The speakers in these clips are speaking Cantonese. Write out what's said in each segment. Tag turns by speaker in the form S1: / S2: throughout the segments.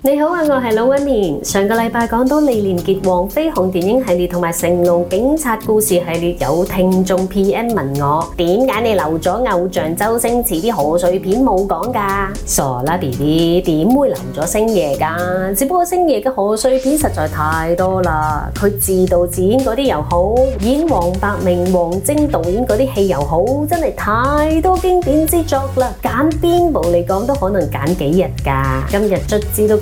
S1: 你好啊，我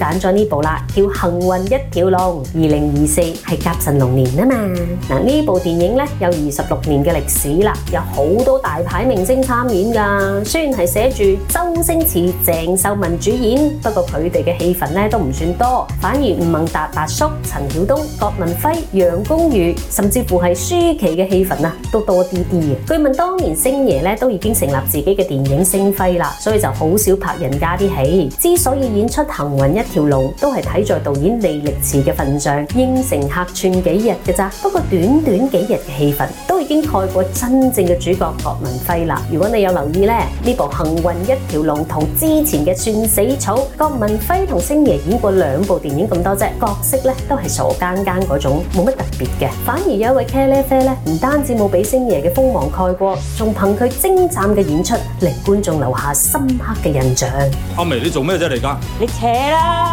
S1: 揀咗呢部啦，叫《行運一條龍》。二零二四係甲辰龍年啊嘛，嗱呢部電影咧有二十六年嘅歷史啦，有好多大牌明星參演噶。雖然係寫住周星馳、鄭秀文主演，不過佢哋嘅戲份咧都唔算多，反而吳孟達達叔、陳曉東、葛民輝、楊恭如，甚至乎係舒淇嘅戲份啊，都多啲啲嘅。據聞當年星爺咧都已經成立自己嘅電影星輝啦，所以就好少拍人家啲戲。之所以演出《行運一條龍》，條龍都係睇在導演李力持嘅份上，應承客串幾日嘅咋。不過短短幾日嘅戲份，都已經蓋過真正嘅主角葛民輝啦。如果你有留意咧，呢部《幸運一條龍》同之前嘅《算死草》，葛民輝同星爺演過兩部電影咁多啫，角色咧都係傻更更嗰種，冇乜特別嘅。反而有一位茄喱啡咧，唔單止冇俾星爺嘅鋒芒蓋過，仲憑佢精湛嘅演出，令觀眾留下深刻嘅印象。阿媚，你做咩啫嚟噶？你扯啦！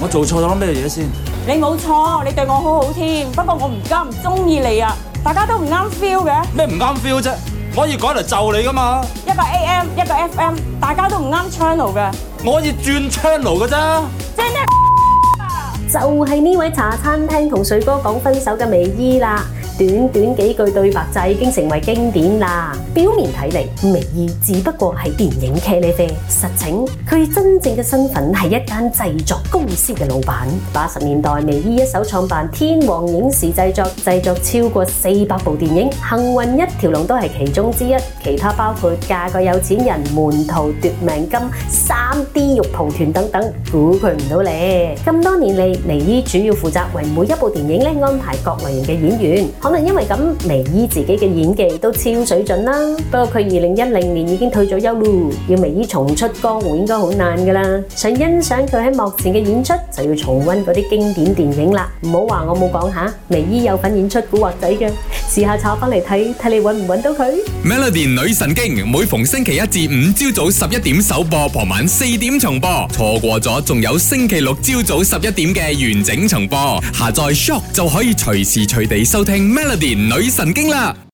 S1: 我做錯咗咩嘢先？你冇錯，你對我好好添。不過我而家唔中意你啊，大家都唔啱 feel 嘅。咩唔啱 feel 啫？我可以改嚟就你噶嘛。一個 AM，一個 FM，大家都唔啱 channel 嘅。我可以轉 channel 噶啫。就係呢位茶餐廳同水哥講分手嘅媚姨啦。短短幾句對白就已經成為經典啦。表面睇嚟，媚姨只不過係電影茄喱啡，實情佢真正嘅身份係一間製作公司嘅老闆。八十年代，媚姨一手創辦天王影視製作，製作超過四百部電影，《幸運一條龍》都係其中之一。其他包括《嫁個有錢人》《門徒奪命金》《三 d 肉蒲團》等等，估佢唔到。你咁多年嚟，媚姨主要負責為每一部電影呢，安排各類型嘅演員。可能因為咁，媚姨自己嘅演技都超水準啦。不過佢二零一零年已經退咗休嚕，要媚姨重出江湖應該好難噶啦。想欣賞佢喺幕前嘅演出，就要重溫嗰啲經典電影啦。唔好話我冇講吓，媚姨有份演出《古惑仔》嘅。試下炒翻嚟睇睇，你揾唔揾到佢？Melody 女神經每逢星期一至五朝早十一點首播，傍晚四點重播。錯過咗仲有星期六朝早十一點嘅完整重播。下載 shop 就可以隨時隨地收聽 Melody 女神經啦。